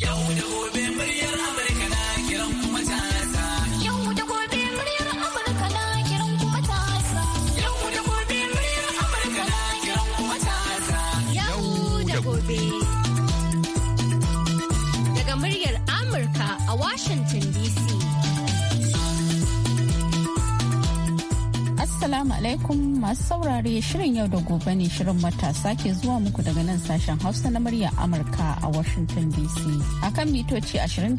Yau da Assalamu alaikum masu saurare shirin yau da gobe ne shirin matasa ke zuwa muku daga nan sashen Hausa na murya Amurka a Washington DC. a kan mitoci 25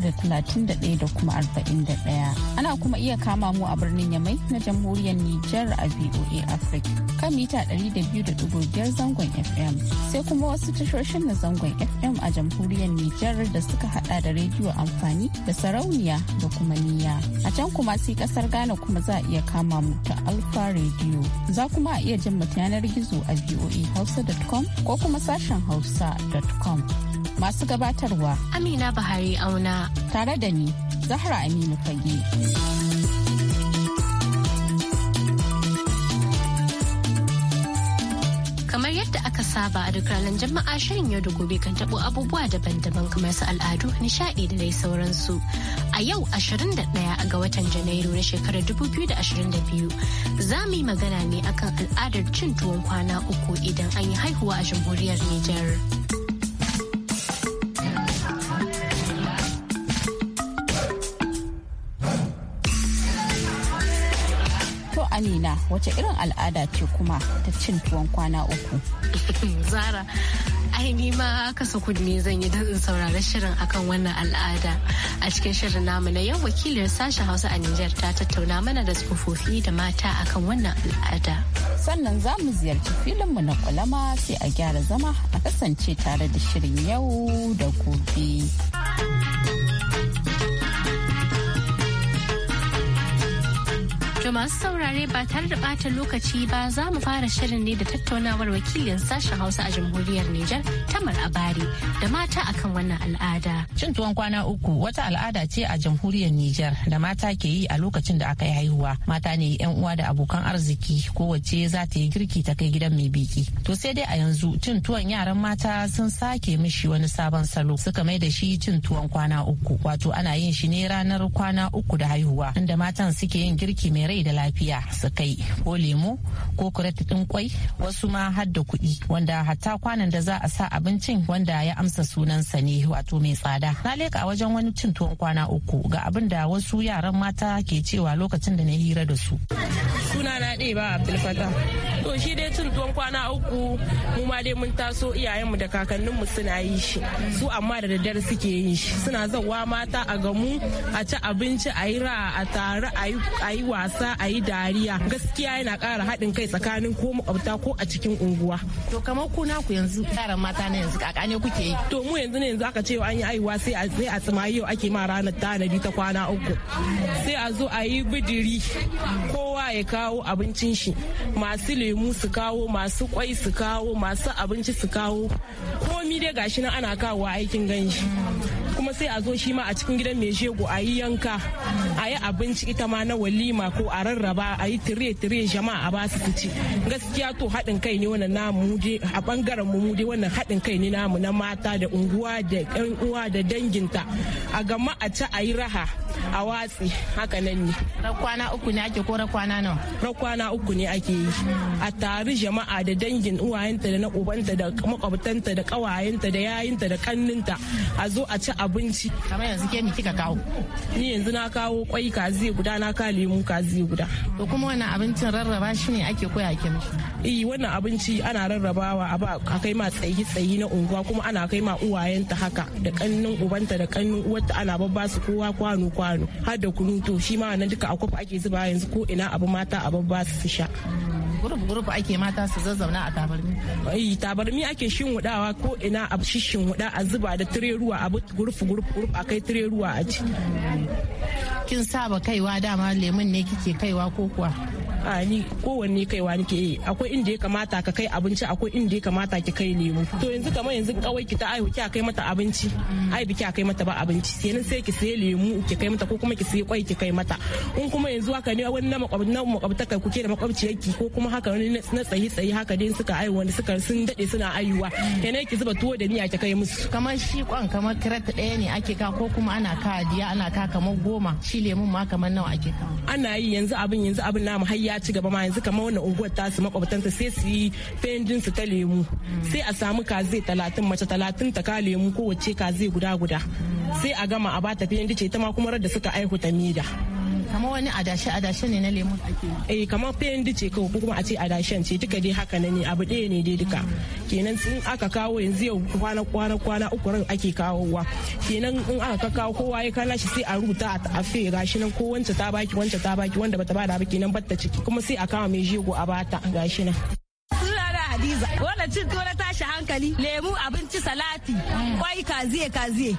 da 31 da kuma 41. Ana kuma iya kama mu a birnin Yamai na jamhuriyar Nijar a VOA Africa kan mita 200.5 zangon FM. Sai kuma wasu tashoshin na zangon FM a jamhuriyar Nijar da suka hada da rediyo amfani da sarauniya da kuma niya. A can kuma sai kasar Ghana kuma za a iya kama mu ta Alpha Radio. Za kuma a iya jin mu yanar gizo a voahausa.com ko kuma sashen hausa.com. Masu gabatarwa Amina Bahari Auna. Tare da ni, Zahra Aminu Fage. kamar yadda aka saba a duk ranar jama'a shirin yau da gobe kan tabo abubuwa daban-daban kamar su al'adu nishaɗi da dai sauransu a yau 21 ga watan Janairu na shekarar 2022 za mu yi magana ne akan al'adar cin tuwon kwana uku idan an yi haihuwa a jamhuriyar Nijar. Amina wace irin al'ada ce kuma ta cin tuwon kwana uku? Zara ai ni ma kasa kunne zan yi don saurari shirin akan wannan al'ada a cikin shirin namu na yau wakilin sashen hausa a Nijar ta tattauna mana da tsofaffi da mata akan wannan al'ada sannan za mu ziyarci filin mu na kwalama sai a gyara zama a kasance tare da shirin yau da gobe. da masu saurare ba tare da bata lokaci ba za mu fara shirin ne da tattaunawar wakilin sashen Hausa a jamhuriyar Nijar Tamar da mata akan wannan al'ada. Cin tuwon kwana uku wata al'ada ce a jamhuriyar Nijar da mata ke yi a lokacin da aka yi haihuwa. Mata ne yan uwa da abokan arziki kowace za ta yi girki ta kai gidan mai biki. To sai dai a yanzu cin tuwon yaran mata sun sake mishi wani sabon salo suka mai da shi cin tuwon kwana uku. Wato ana yin shi ne ranar kwana uku da haihuwa inda matan suke yin girki mai rai da lafiya su kai ko lemu ko kureti ɗin kwai wasu ma har da kuɗi wanda hatta kwanan da za a sa a abincin wanda ya amsa sunansa ne wato mai tsada na leka a wajen wani cin tuwon kwana uku ga abin da wasu yaran mata ke cewa lokacin da na hira da su suna na ɗaya ba abdulfata to shi dai cin tuwon kwana uku mu ma dai mun taso mu da mu suna yi shi su amma da daddare suke yin shi suna zawa mata a gamu a ci abinci a yi ra a tare a yi wasa a yi dariya gaskiya yana kara haɗin kai tsakanin ko makwabta ko a cikin unguwa to kamar ku naku yanzu yaran mata na yanzu ne kuke yi to mu yanzu ne yanzu aka ce an yi aiwa sai a sai a tsima yau ake ma ranar tanadi ta kwana uku sai a zo a yi bidiri kowa ya kawo abincin shi masu lemu su kawo masu kwai su kawo masu abinci su kawo komi dai gashi nan ana kawo aikin ganshi kuma sai a zo shi ma a cikin gidan mai shego a yi yanka a yi abinci ita ma na walima ko a rarraba a yi tire-tire jama'a a ba su ci gaskiya to haɗin kai ne wannan namu dai a bangaren mu dai wannan haɗin kai ne namu na mata da unguwa da ƴan uwa da danginta a gama a ci a yi raha a watsi haka nan ne rakwana uku ne ake ko rakwana nawa rakwana uku ne ake yi a tari jama'a da dangin uwayenta da na ubanta da makwabtanta da kawayenta da yayinta da kanninta a zo a ci a abinci kamar yanzu ke mi kika kawo ni yanzu na kawo kwai kazi guda na ka lemu kazi guda to kuma wannan abincin rarraba shi ne ake koya ke mishi eh wannan abinci ana rarrabawa a ba a kai ma tsayi tsayi na unguwa kuma ana kai ma uwayenta haka da kannin ubanta da kannin uwarta ana babba su kowa kwano kwano har da kunu to shi ma wannan duka a kofa ake zuba yanzu ko ina abu mata a babba su sha gurup gurup ake mata su zazzauna a tabarmi ai tabarmi ake shinwudawa ko ina a shishinwuda a zuba da ruwa a gurup gurup gurup a kai ruwa a ci. kin saba kaiwa dama lemun ne kike kaiwa ko kuwa a ni kowanne kaiwa nake yi akwai inda ya kamata ka kai abinci akwai inda ya kamata ki kai lemu to yanzu kamar yanzu kawai ki ta ai ki kai mata abinci ai biki kai mata ba abinci sai sai ki sai lemu ki kai mata ko kuma ki sai kwai ki kai mata in kuma yanzu haka ne wani na makwabta kai kuke da makwabciyarki ko kuma haka wani na tsayi tsayi haka dai suka ai wani suka sun dade suna aihuwa kenan ki zuba tuwo da miya ki kai musu kamar shi kwan kamar kiret daya ne ake ka ko kuma ana ka diya ana ka kamar goma shi lemun ma kamar nawa ake ka ana yi yanzu abin yanzu abin namu hayya ya ci gaba ma yanzu kamar wannan unguwar su makwabtansa sai su yi fendin su ta lemu sai a samu kaze talatin mace talatin ta ka lemu kowace kaze guda guda sai a gama a bata fendi ce tama ma kuma da suka aihu ta mida kama wani adashe adashe ne na lemu ake eh kama pendi ce ko kuma a ce adashen ce duka dai haka ne abu ɗaya ne dai duka kenan in aka kawo yanzu yau kwana kwana kwana uku ran ake kawowa kenan in aka kawo kowa ya kana shi sai a rubuta a tafe gashi nan ko wance ta baki wance ta baki wanda bata bada ba kenan batta ciki kuma sai a kama mai jego a bata gashi nan Hadiza wanda cin tuwo na tashi hankali lemu abinci salati kwai kaziye kaziye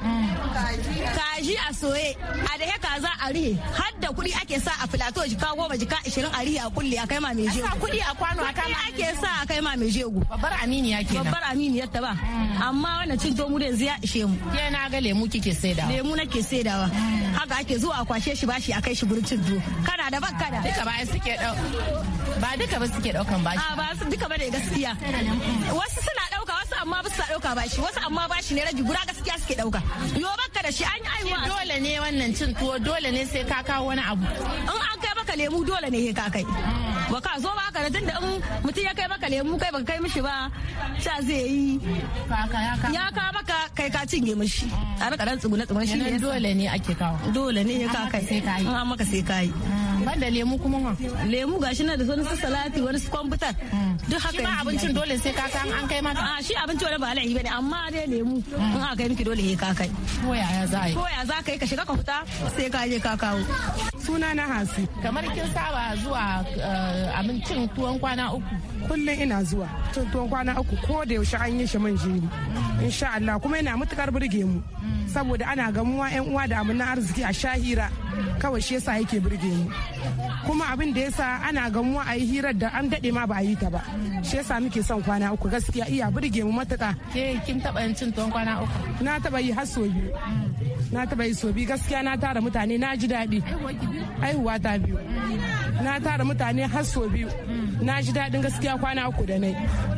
kaji a soye a da kaza a rihe har da kuɗi ake sa a filato jika goma jika ishirin a rihe a kulle a kai ma mai jego kuɗi a kwano a kama ake sa a kai ma mai jego babbar aminiya kenan babbar aminiya ta ba amma wannan cin tuwo mu da yanzu ya ishe mu ke na ga lemu kike saidawa lemu nake saidawa haka ake zuwa a kwashe shi bashi a kai shi gurin cin tuwo kana da ban da duka ba suke dau ba duka ba suke daukan bashi a ba duka ba ne gaskiya wasu suna dauka wasu amma ba su dauka ba shi wasu amma ba shi ne rabi guda gaskiya suke dauka yo baka da shi an yi aiwa dole ne wannan cin tuwo dole ne sai ka kawo wani abu in an kai maka lemu dole ne ka kai ba ka zo ba haka tun da in mutum ya kai maka lemu kai baka kai mishi ba sha zai yi ya ka maka kai ka cinye mishi a rika dan tsugune tsugune shi ne dole ne ake kawo dole ne ya ka kai an maka sai ka yi mm. ba da lemu kuma ma lemu gashi na da wani su salati wani su kwambutar mm. duk haka shi ma abincin dole sai ka an kai maka a ah, shi abinci wani ba alayi bane amma dai lemu mm. in aka yi miki dole sai ka kai ko yaya za a yi ko yaya za ka yi ka shiga ka fita sai ka je ka kawo suna na hasi kamar kin saba zuwa eh, abin cin tuwon kwana uku kullum ina zuwa cin tuwon kwana uku ko da yaushe an yi shi man jini insha Allah kuma yana matukar burge mu saboda ana gamuwa yan uwa da na arziki a shahira kawai shi yasa yake burge mu kuma abin da yasa ana gamuwa a yi hirar da an dade ma ba a yi ta ba shi yasa muke son kwana uku gaskiya iya burge mu matuka ke kin taba yin cin tuwon kwana uku na taba yi har biyu na taba yi sobi gaskiya na tara mutane na ji daɗi aihuwa ta biyu na tara mutane har so biyu na ji daɗin gaskiya kwana uku da nai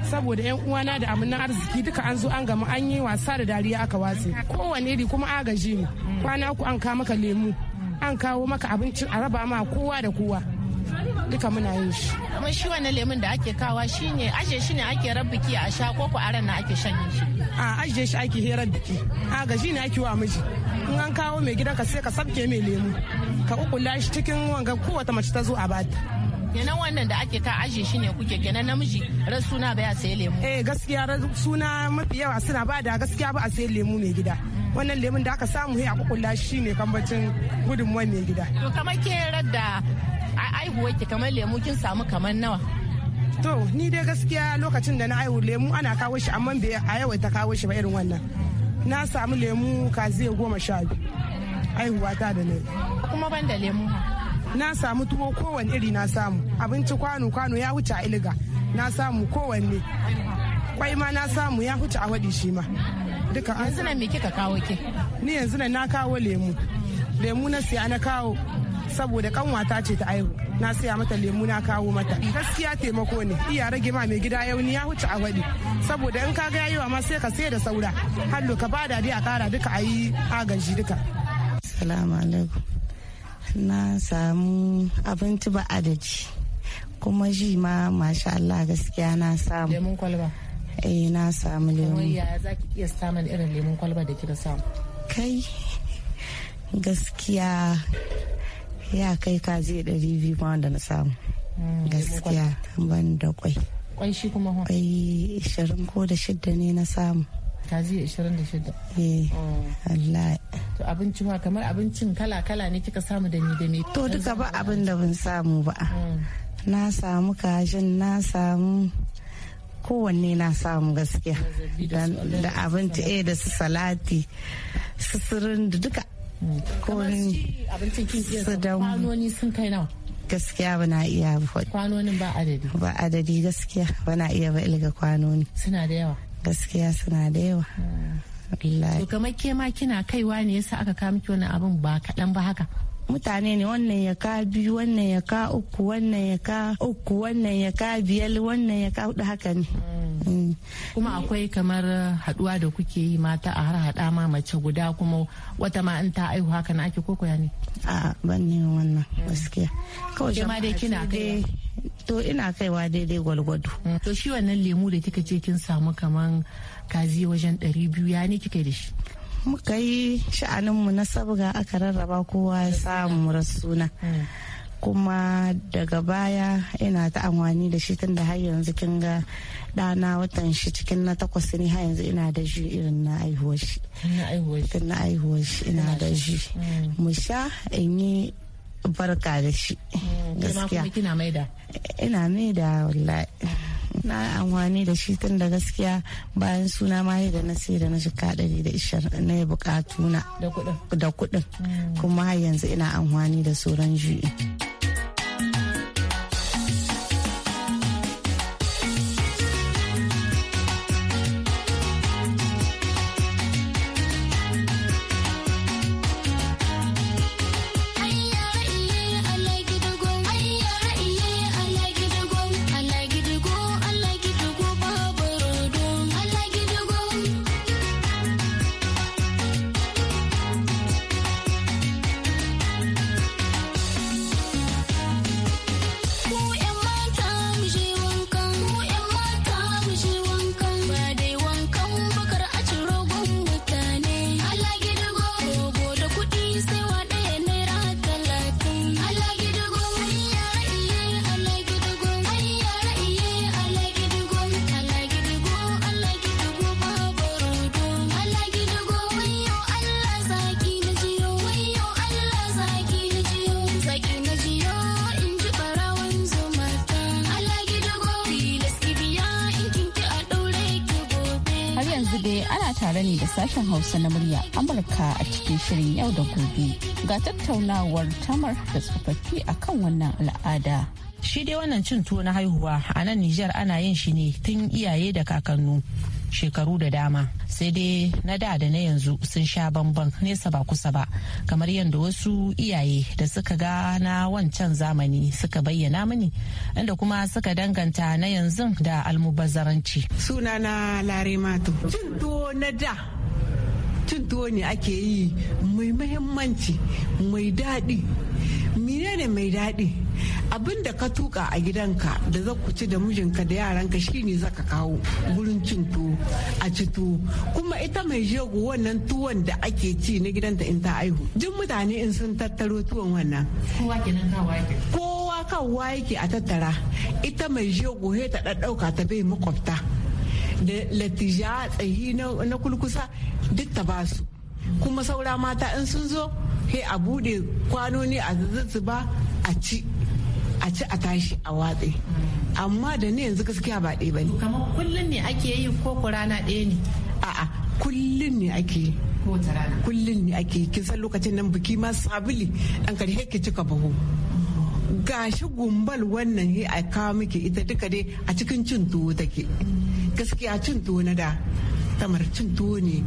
saboda yan uwana da amunan arziki duka an zo an gama an yi wasa da dariya aka watse kowane iri kuma agaji ne kwana uku an kawo maka lemu an kawo maka abincin a raba ma kowa da kowa duka muna yin shi. Kuma shi wani lemun da ake kawa shi ne aje shi ne ake rabbiki a sha koko a ran na ake shan shi. A ajiye shi ake herar biki. A ne ake wa miji. in an kawo mai ka sai ka sabke mai lemu ka ukula shi cikin wanga kowata mace ta zo a bata kenan wannan da ake ka aje shi ne kuke kenan namiji ran suna baya sai lemu eh gaskiya suna mafi yawa suna ba da gaskiya ba a sai lemu mai gida wannan lemun da aka samu ya kukulla shi ne kambacin gudunmuwan mai gida to kamar ke da aihuwar ki kamar lemu kin samu kamar nawa to ni dai gaskiya lokacin da na aihu lemu ana kawo shi amma bai a yawaita kawo shi ba irin wannan na samu lemu kaziya goma sha biyu aihuwa ta da ne kuma ban da lemu na samu tuwo kowane iri na samu abinci kwano kwano ya wuce a iliga na samu kowanne kwai ma na samu ya huce a waɗi shi ma duka yanzu nan me kika kawo ke ni yanzu nan na kawo lemu lemu na siya na kawo saboda kanwata ce ta aihu na siya mata lemu na kawo mata gaskiya taimako ne iya rage ma mai gida yau ni ya huce a wadi saboda in ka ga yiwa ma sai ka sai da saura hallo ka bada dai a kara duka a yi agaji duka salamu alaikum na samu abinci ba adadi kuma ji ma masha Allah gaskiya na samu lemun kwalba eh na samu lemu ya zaki iya samun irin lemun kwalba da kika samu kai gaskiya ya kai zai ɗari biyu ma wanda na samu mm, gaskiya ban da kwai kwai shi kuma kwai ishirin ko da shidda ne na samu zai ishirin da shidda eh oh. Allah to abinci ma kamar abincin kala kala ne kika samu da ni da me to duka ba abin da bin samu ba mm. na samu kajin na samu kowanne na samu gaskiya da abinci eh da su salati susurin da duka kwanoni sun kai nawa gaskiya bana iya kwanonin ba adadi ba adadi gaskiya bana iya ba ilga kwanoni suna da yawa gaskiya suna da yawa ah. to kamar ke ma kina kaiwa ne yasa aka kawo miki wani abin ba kaɗan ba haka mutane ne wannan ya ka biyu wannan ya ka uku wannan ya ka uku wannan ya ka biyar wannan ya ka hudu haka ne mm. kuma akwai kamar haduwa da kuke yi mata a har hada ma mace guda kuma wata ma in ta aihu haka na ake koko ya ne a ban ne wannan gaskiya kawai ma dai kina kai to ina kaiwa daidai gwalgwado mm. to shi wannan lemu da kika ce kin samu kaman kazi wajen 200 ya ne kika da shi muka yi sha'aninmu na sabga aka rarraba kowa ya samu rasuna kuma daga baya ina ta amfani da shi tunda har yanzu kin ga ɗana watan shi cikin na takwas ne har yanzu ina da shi irin na aihuwar shi na aihuwar shi ina da shi mm. mu sha in yi barka da shi mm. gaskiya ina maida wallahi na yi amfani da shi tun da gaskiya bayan suna ma da na sai da na shika ɗari da ishirin na ya bukatu na da kuɗin kuma har yanzu ina amfani da sauran juyi. Hausa na murya Amurka a cikin shirin yau da gobe. Ga tattaunawar tamar da tsofaffi a kan wannan al'ada. Shi dai wannan cin tuwo na haihuwa a nan Nijar ana yin shi ne tun iyaye da kakannu. shekaru da dama sai dai na da da na yanzu sun sha bamban nesa ba kusa ba kamar yadda wasu iyaye da suka ga na wancan zamani suka bayyana mini inda kuma suka danganta na yanzu da almubazzaranci sunana lare mato cin tuwo na da tun tuwo ne ake yi mai mahimmanci mai daɗi menene mai daɗi abin da ka tuka a gidanka da za ku ci da mijinka da yaranka shine zaka kawo gurin cin tuwo a ci tuwo kuma ita mai jego wannan tuwon da ake ci na gidanta in ta aihu duk mutane in sun tattaro tuwon wannan kowa kawai kawa yake a tattara ita mai jego he ta ɗaɗɗauka ta bai makwabta da latija tsayi na kulkusa duk ta ba su kuma saura mata in sun zo he a bude kwanoni a zuzzuba a ci a ci a tashi a watse amma da ne yanzu gaskiya ba ɗaya bane kamar kullun ne ake yi ko ku rana ɗaya ne a'a kullun ne ake yi kullun ne ake yi kin san lokacin nan biki ma sabili an kare ke cika baho gashi gumbal wannan he a kawo miki ita duka dai a cikin cin tuwo take gaskiya cin tuwo na da tamar cin tuwo ne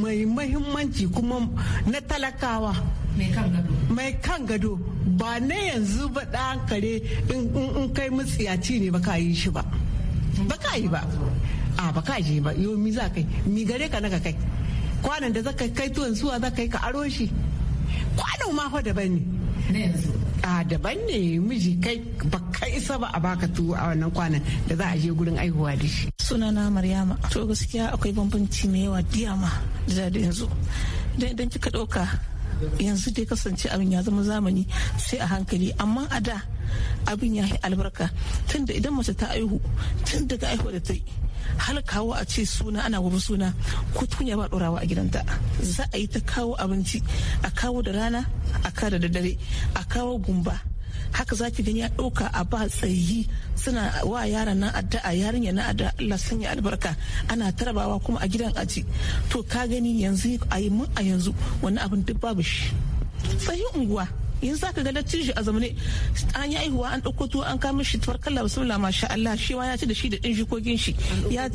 mai mahimmanci kuma na talakawa mai kan gado ba na yanzu ba ɗan kare in kai mutsiyaci ne ba ka yi shi ba Ba ka yi ba a ba ka je ba yau mi za kai mi gare ka naka kai kwanan da zaka kai tuwon zuwa za ka yi ka aro shi kwanan ma fa daban ne a daban ne miji kai baka isa ba a baka tuwo a wannan kwanan da za a je gurin aihuwa da shi sunana maryama to gaskiya akwai bambanci mai yawa diyama da da yanzu idan kika ɗauka yanzu dai kasance abin ya zama zamani sai a hankali amma a da abin ya yi albarka tun da idan mace ta aihu tun daga aihu da ta yi har kawo a ce suna ana gobe suna ko tunya ba dorawa a gidanta za a yi ta kawo abinci a kawo da rana a kawo da dare a kawo gumba haka za ki gani ya ɗauka a ba tsayi suna wa yaran nan addu'a yarinya na addu'a Allah sun yi albarka ana tarabawa kuma a gidan aji to ka gani yanzu a yi mun a yanzu wani abin duk babu shi tsayi unguwa in za ka ga dattijo a zamane an yi aihuwa an ɗauko tuwo an kama shi tabarkalla bismillah masha Allah shi ma ya ci da shi da ɗin jikokin shi an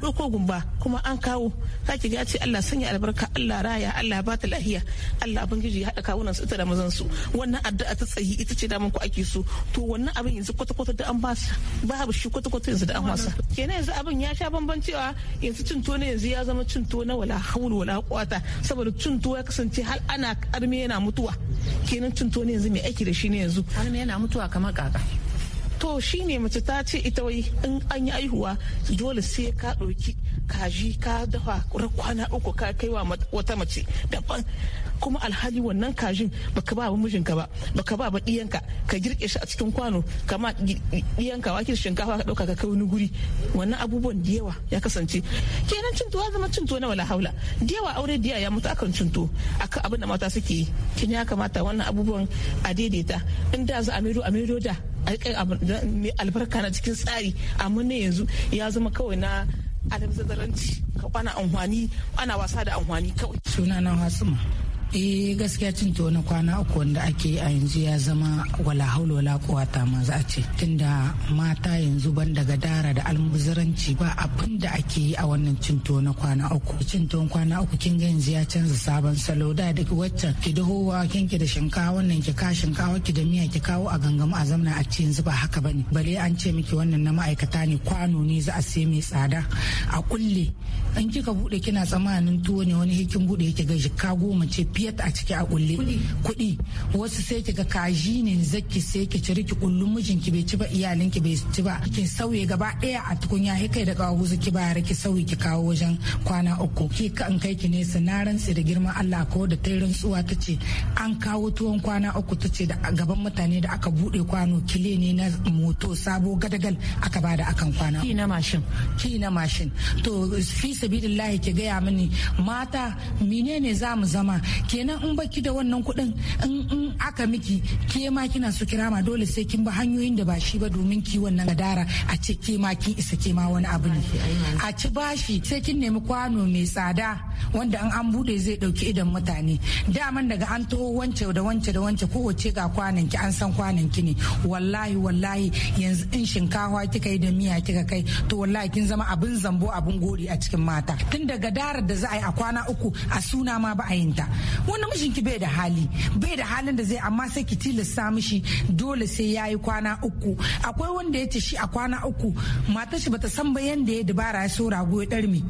ɗauko gumba kuma an kawo ka ki ce Allah sanya albarka Allah raya Allah ba ta lahiya Allah gizi ya haɗa kawunan su ita da mazan su wannan addu'a ta tsayi ita ce daman ku ake so to wannan abin yanzu kwata-kwata da an ba su babu shi kwata-kwata yanzu da an wasa kenan yanzu abin ya sha bambancewa yanzu cin tuwo ne yanzu ya zama cin tuwo na wala haul wala kwata saboda cin tuwo ya kasance har ana karmi yana mutuwa kenan na cinto yanzu mai aiki da shi ne yanzu wani yana mutuwa kamar kaka to shine mace ta ce ita wai in an yi aihuwa dole sai ka ɗauki kaji ka dafa kwana uku ka kai wa wata mace daban kuma alhali wannan kajin baka ba mijinka ba baka ba ba diyanka ka girke shi a cikin kwano kama diyanka wakil shinkafa ka ɗauka ka kai wani guri wannan abubuwan da yawa ya kasance kenan cinto ya zama cinto na wala haula da yawa aure da ya mutu akan cinto akan abin da mata suke yi kin ya kamata wannan abubuwan a daidaita in da za a maido a maido da albarka na cikin tsari amma ne yanzu ya zama kawai na adam zazzaranci ana amfani ana wasa da amfani kawai sunana hasuma eh gaskiya cin tuwo na kwana uku wanda ake a yanzu ya zama wala haula wala kuwata ma za a ce tunda mata yanzu ban daga dara da almuzuranci ba abin da ake yi a wannan cin tuwo na kwana uku cin tuwon kwana uku kin ga yanzu ya canza sabon salo da duk waccan ki da howa kin ki da shinkawa wannan ki ka shinkawa ki da miya ki kawo a gangamu a zamna a ce yanzu ba haka bane bale an ce miki wannan na ma'aikata ne kwano ne za a sai mai tsada a kulle in kika bude kina tsammanin tuwo ne wani hikin bude yake ga ka goma ce fiyat a ciki a kulle kuɗi wasu sai ki kaji ne zaki sai ki ciri ki kullun mijin ki bai ci ba iyalin ki bai ci ba ki sauye gaba daya a tukunya he kai da kawo ki ba ki sauye ki kawo wajen kwana uku ki ka in kai ki ne na rantsi da girman Allah ko da tai rantsuwa ta ce an kawo tuwon kwana uku ta ce da gaban mutane da aka bude kwano kile ne na moto sabo gadagal aka bada akan kwana ki na mashin ki na mashin to fi sabidillahi ki gaya mini mata menene za mu zama kenan in baki da wannan kuɗin in aka miki ke ma kina su kira ma dole sai kin ba hanyoyin da ba shi ba domin ki wannan gadara a ce ke ma kin isa ke ma wani abu ne a ci bashi sai kin nemi kwano mai tsada wanda an an bude zai dauki idan mutane daman daga an taho wance da wance da wance kowace ga kwanan ki an san kwanan ki ne wallahi wallahi yanzu in shinkawa kika yi da miya kika kai to wallahi kin zama abin zambo abin gori a cikin mata tun daga darar da za a yi a kwana uku a suna ma ba a yin ta wani mijinki bai da hali bai da halin da zai amma sai ki tilasta mishi dole sai ya yi kwana uku akwai wanda ya ce shi a kwana uku matar shi bata san ba yanda ya dabara ya so rago ya ɗarmi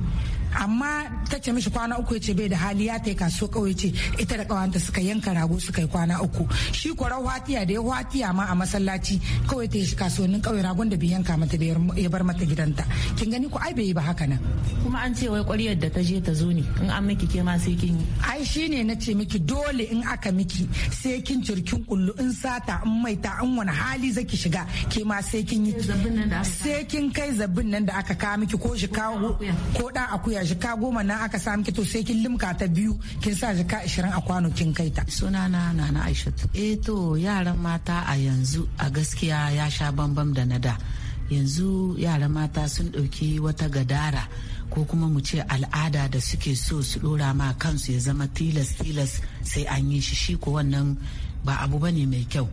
amma ta ce mishi kwana uku yace bai da hali ya taika so kawai ce ita da kawanta suka yanka rago suka yi kwana uku shi kwarar hatiya da ya hatiya ma a masallaci kawai ta shi kasuwannin kawai ragon da bai yanka mata da ya bar mata gidanta kin gani ko ai bai yi ba haka nan kuma an ce wai ƙwaryar da ta je ta zo ne in an miki ke ma sai kin yi ai shine na ce miki dole in aka miki sai kin cirkin kullu in sata in maita in wani hali zaki shiga ke ma sai kin yi sai kin kai zabin nan da aka kawo miki ko shi kawo ko da akuya da jika goma na aka sami miki sai kin limka ta biyu kin sa jika ashirin a kwano kin kai ta. sunana na na aishatu eh to yaran mata a yanzu a gaskiya ya sha bambam da na da yanzu yaran mata sun ɗauki wata gadara ko kuma mu ce al'ada da suke so su ɗora ma kansu ya zama tilas tilas sai an yi shi shi ko wannan ba abu bane mai kyau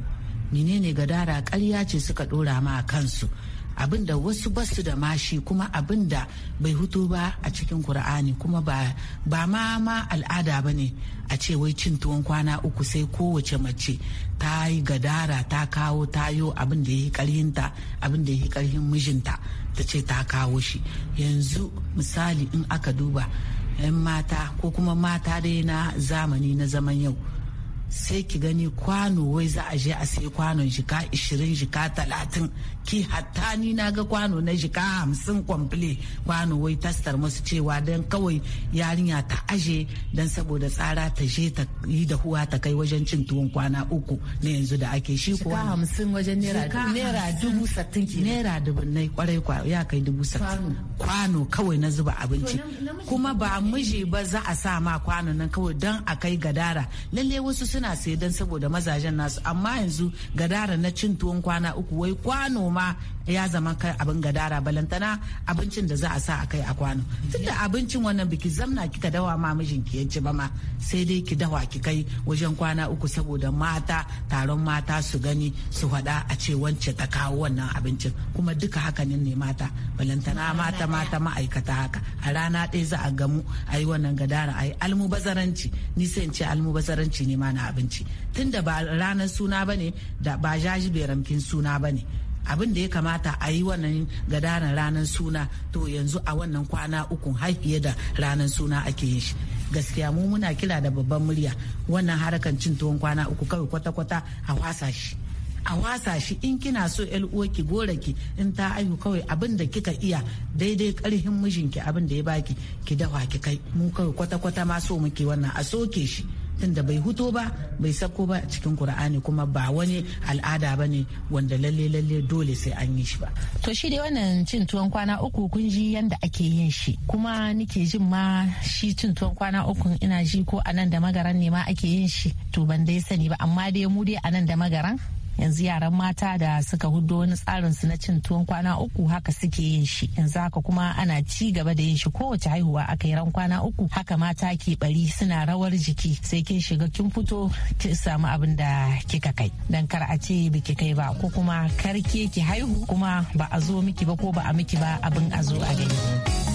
menene gadara karya ce suka ɗora ma kansu abinda da wasu basu da mashi kuma abin da bai hutu ba a cikin kur'ani kuma ba ma ma al'ada ba ne a ce wai cin tuwon kwana uku sai kowace mace ta yi gadara ta kawo tayo abin da ya yi karhinta abin ya yi karhin mijinta ta ce ta kawo shi yanzu misali in aka duba 'yan mata ko kuma mata dai na zamani na zaman yau sai ki gani kwano wai za a je a sai kwanon jika 20 jika 30 ki hatta ni na ga kwano na jika 50 kwamfule kwano wai tastar masu cewa don kawai yarinya ta aje don saboda tsara ta je ta yi da huwa ta kai wajen cin tuwon kwana uku na yanzu da ake shi ko jika 50 wajen naira dubu sattin ki naira dubu na kwarai kwa ya kai dubu sattin kwano kawai na zuba abinci kuma ba miji ba za a sa ma kwano nan kawai don a kai gadara lalle wasu sun suna sai don saboda mazajen nasu amma yanzu gadara na cin tuwon kwana uku wai kwano ma ya zama kai abin gadara balantana abincin da za a sa a kai a kwano tunda abincin wannan biki zamna kika dawa ma mijin ki yanci ba ma sai dai ki dawa ki kai wajen kwana uku saboda mata taron mata su gani su hada a ce wance ta kawo wannan abincin kuma duka hakanin ne mata balantana mata mata ma'aikata haka a rana ɗaya za a gamu a yi wannan gadara a yi almubazaranci ni sai in ce almubazaranci ne ma na abinci tunda ba ranar suna ba ne da ba jajiberamkin suna suna ne. abin da ya kamata a yi wannan gadaran ranar suna to yanzu a wannan kwana uku har fiye da ranar suna ake yin shi gaskiya mu muna kira da babban murya wannan harkan cin tuwon kwana uku kawai kwata-kwata a wasa shi a wasa shi in kina so ki gora ki in ta ayu kawai abin da kika iya daidai karhin mijinki abin da ya baki ki dawa ki kai mu kawai kwata-kwata ma so muke wannan a soke shi din da bai huto ba bai sako ba cikin Kur'ani kuma ba wani al'ada ba ne wanda lalle lalle dole sai an yi shi ba. To shi dai wannan cin tuwon kwana uku kun ji yanda ake yin shi kuma nike jin ma shi cin tuwon kwana uku ina ji ko anan da magaran ne ma ake yin shi to ban dai sani ba amma dai mu dai anan da magaran yanzu yaran mata da suka hudo wani tsarin su na cin tuwon kwana uku haka suke yin shi yanzu haka kuma ana ci gaba da yin shi kowace haihuwa aka yi ran kwana uku haka mata ke bari suna rawar jiki sai kin shiga kin fito ki samu abin da kika kai dan kar a ce biki kai ba ko kuma kar ke ki haihu kuma ba a zo miki ba ko ba a miki ba abin a zo a gani.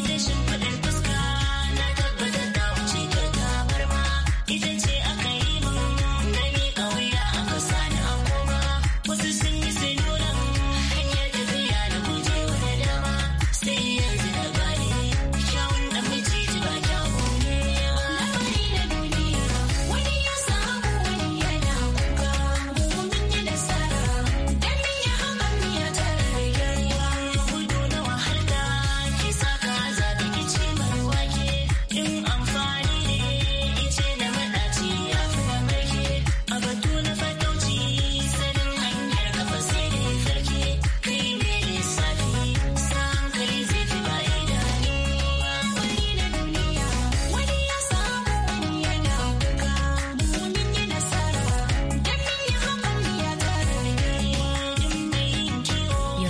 decision.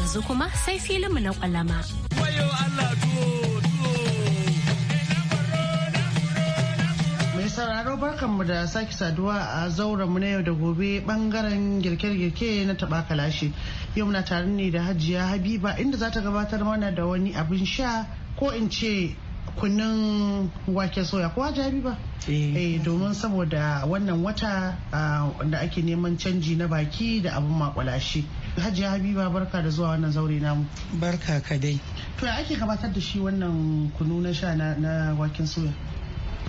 yanzu kuma sai filin mu na kwalama. sauraro barkanmu da sake saduwa a mu na yau da gobe bangaren girke-girke na taba kalashi yau muna tare ne da hajiya habiba inda za ta gabatar mana da wani abin sha ko in ce kunnin wake soya ko hajiya habiba eh, eh domin saboda wannan wata ah, da ake neman canji na baki da abin makwalashi Hajiya Habiba barka da zuwa wannan zaure namu. Barka ka dai. To ya ake gabatar da shi wannan kunu na sha na waken suya?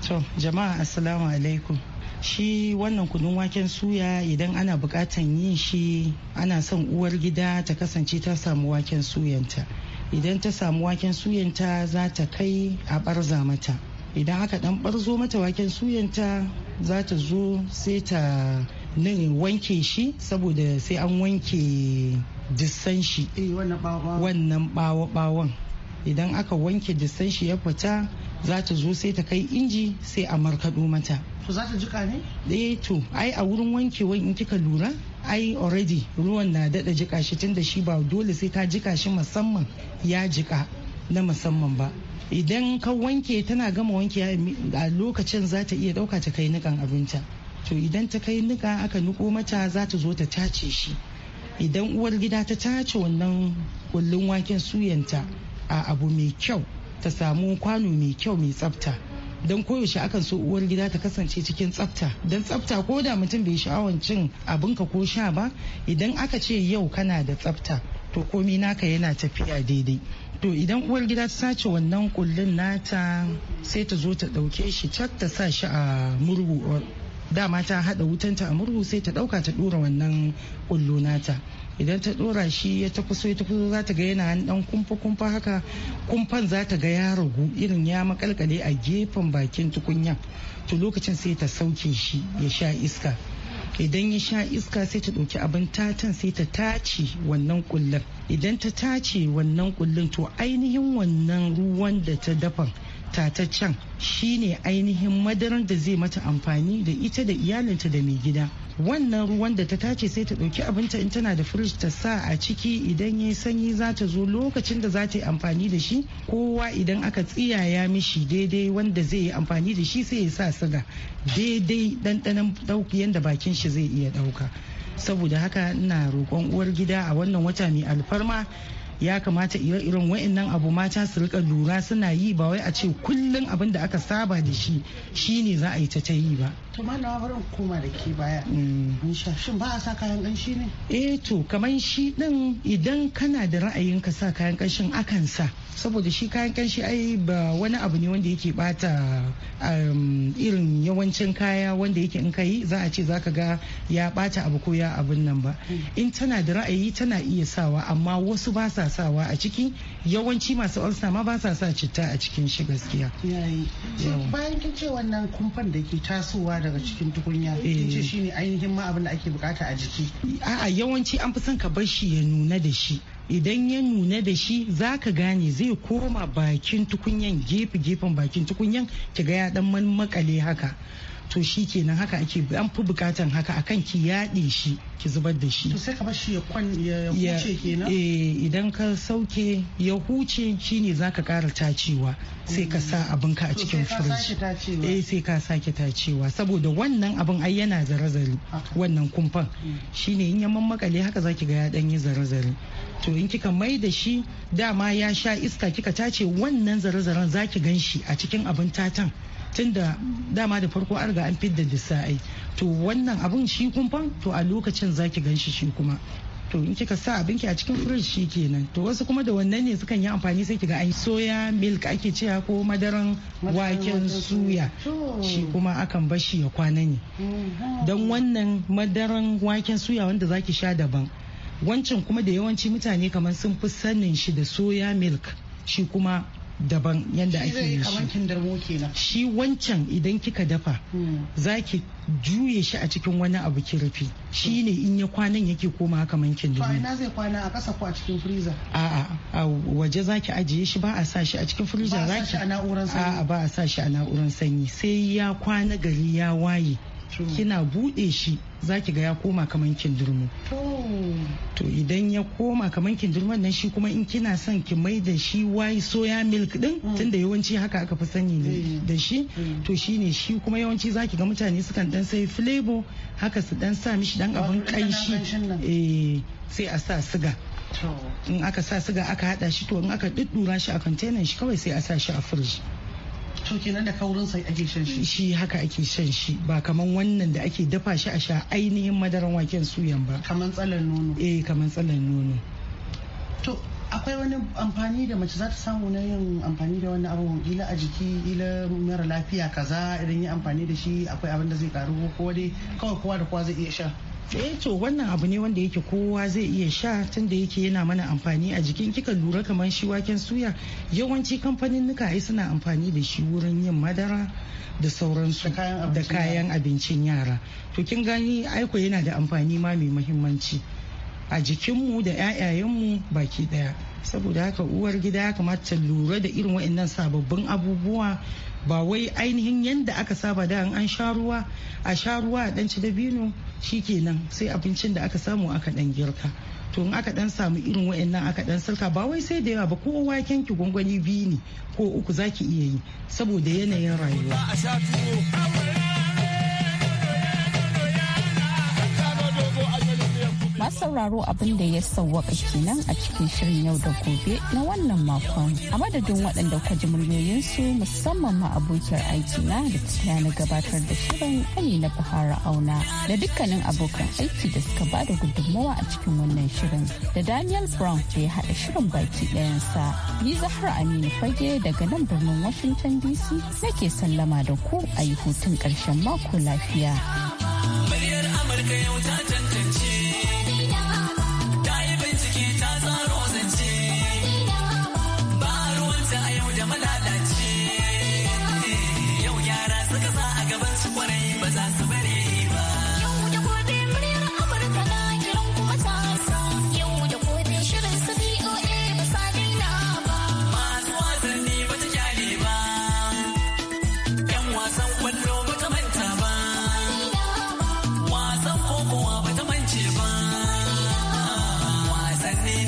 To jama'a assalamu alaikum. Shi wannan kunun waken suya idan ana bukatan yin shi ana son uwar gida ta kasance ta samu waken suyanta. Idan ta samu waken suyanta za ta kai a barza mata. Idan aka dan barzo mata waken suyanta za ta zo sai ta nan wanke shi saboda sai an wanke dusan shi eh, wannan bawa-bawan idan aka wanke dusan shi ya fita za ta zo sai ta kai inji sai a markaɗo mata to za ta jika ne? eh to ai a wurin wankewa in kika lura ai already ruwan na daɗa jika shi tunda shi ba dole sai ta jika shi musamman ya jika na musamman ba idan ka wanke tana gama wanke a lokacin za ta iya ɗauka ta kai nikan abinta to idan ta kai nika aka niko mata za ta zo ta tace shi idan uwar gida ta tace wannan kullun waken suyanta a abu mai kyau ta samu kwano mai kyau mai tsafta don koyaushe akan so uwar gida ta kasance cikin tsafta don tsafta ko da mutum bai sha'awar cin abinka ko sha ba idan aka ce yau kana da tsafta to komi naka yana tafiya daidai to idan uwar gida ta sace wannan kullun nata sai ta zo ta ɗauke shi cak ta sa shi a murhu dama ta haɗa ta a murhu sai ta dauka ta dora wannan kullu nata idan ta dora shi ya ta kuso ta kuso za ta ga yana ɗan kumfa kumfa haka kumfan za ta ga ya ragu irin ya makalkale a gefen bakin tukunya to lokacin sai ta sauke shi ya sha iska idan ya sha iska sai ta ɗauki abin tatan sai ta tace wannan kullun idan ta tace wannan kullun to ainihin wannan ruwan da ta dafa tataccen shine ainihin madarar da zai mata amfani da ita da iyalinta da mai gida wannan ruwan da ta tace sai ta ɗauki abinta in tana da firij ta sa a ciki idan ya sanyi za ta zo lokacin da za ta yi amfani da shi kowa idan aka tsiyaya mishi daidai wanda zai yi amfani da shi sai ya sa siga daidai ɗanɗanon ɗauki yadda bakin shi zai iya ɗauka saboda haka ina roƙon uwar gida a wannan wata mai alfarma ya kamata ire-iren wa'annan abu mata su rika lura suna yi ba wai a ce kullum abin da aka saba da shi shine za a yi ta ta yi ba kuma malama bari in koma da ke baya mm. nisha shin ba a sa kayan kanshi ne eh to kamar shi idan kana da ra'ayin ka sa kayan kanshin akan sa saboda shi kayan kanshi ai ba wani abu ne wanda yake bata um, irin yawancin kaya wanda yake in kayi za a ce zaka ga ya bata abu ko ya abun nan ba mm. in tana da ra'ayi tana iya sawa amma wasu ba sa sawa a ciki yawanci masu ulcer ma ba sa sa citta a cikin shi gaskiya bayan kin ce wannan kumfan da ke tasowa daga cikin tukunya kin ce eh. ne ainihin ma abin da ake bukata a jiki a'a yawanci an fi son ka bar shi ya nuna da shi idan ya nuna da shi za ka gane zai koma bakin tukunyan gefe gefen bakin tukunyan kiga ya dan man makale haka to shi kenan haka ake an fi bukatan haka akan ki yaɗe shi ki zubar da shi sai ka shi ya kwan ya huce kenan eh idan ka sauke ya huce shine zaka ƙara tacewa sai ka sa abinka a cikin firiji eh sai ka sake tacewa saboda wannan abin ai yana zare-zare wannan kumfan mm. shine in ya mammakale haka zaki ga ya dan yi zare-zare to in kika mai da shi dama ya sha iska kika tace wannan zare-zaren zaki gan shi a cikin abin tatan tunda dama da farko an riga an fidda lissa'ai to wannan abun shi kumfan to a lokacin zaki ganshi shi kuma to in kika sa abinki a cikin firij shi kenan to wasu kuma da wannan ne sukan yi amfani sai kiga an soya milk ake cewa ko madaran waken suya shi kuma akan bar shi ya kwana ne mm-hmm. don wannan madaran waken suya wanda zaki sha daban wancan kuma da yawanci mutane kamar sun fi sanin shi da soya milk shi kuma daban yadda ake yi shi shi wancan idan kika dafa hmm. za ki juye shi a cikin wani abu ki rufe shi ne in ya kwanan yake koma haka kin dubu Fa'ina zai kwana a kasa ko a cikin freezer a a waje ki ajiye shi ba a sa shi a cikin freezer za ba a sa shi a na'urar sanyi a ba a sa shi a na'urar sanyi sai ya kwana gari ya waye kina bude shi zaki ki ga ya koma kaman kindurmo. Oh. To idan ya koma kaman kindurmon nan shi kuma in kina son ki mai da shi wai soya milk din mm. tunda yawanci haka aka fi sani ne mm. da shi mm. to shi ne shi kuma yawanci zaki ga mutane sukan dan sai flavor haka su dan sa mishi dan abin kaishi eh, sai a sa siga. In aka sa siga aka hada shi to in aka duddura shi a kwantenan shi kawai sai a sa shi a firiji. to kenan da kaurin sai ake shan shi shi haka ake shan shi ba kaman wannan da ake dafa shi a sha ainihin madaran waken suyan ba kaman tsallan nono eh kaman tsallan nono to akwai wani amfani da mace za ta samu na yin amfani da wani abu ila a jiki ila mara lafiya kaza idan yi amfani da shi akwai abin da zai karu ko dai kawai kowa da kowa zai iya sha eh to wannan abu ne wanda yake kowa zai iya sha tunda yake yana mana amfani a jikin kika lura kamar shi waken suya yawanci kamfanin nuka ai suna amfani da shi wurin yin madara da sauransu da kayan abincin yara to kin gani aiko yana da amfani ma mai muhimmanci a jikinmu da 'ya'yayenmu baki daya saboda haka uwar gida ya kamata ta lura da irin waɗannan sababbin abubuwa ba wai ainihin yadda aka saba da an sha ruwa a sha ruwa a danci dabino kenan sai abincin da aka samu aka dan girka to in aka dan samu irin wayannan aka dan sarka ba wai sai da yawa ba ko waken ki gwangwani biyu ne ko uku zaki iya yi saboda yanayin rayuwa masu sauraro abin da ya sauwaka kenan a cikin shirin yau da gobe na wannan makon a madadin waɗanda kwa ji muryoyinsu musamman ma abokiyar aiki na da ta na gabatar da shirin ali na bahara auna da dukkanin abokan aiki da suka ba da gudunmawa a cikin wannan shirin da daniel brown da ya haɗa shirin baki ɗayansa ni zahra aminu fage daga nan birnin washington dc nake sallama da ku a yi hutun ƙarshen mako lafiya. Muryar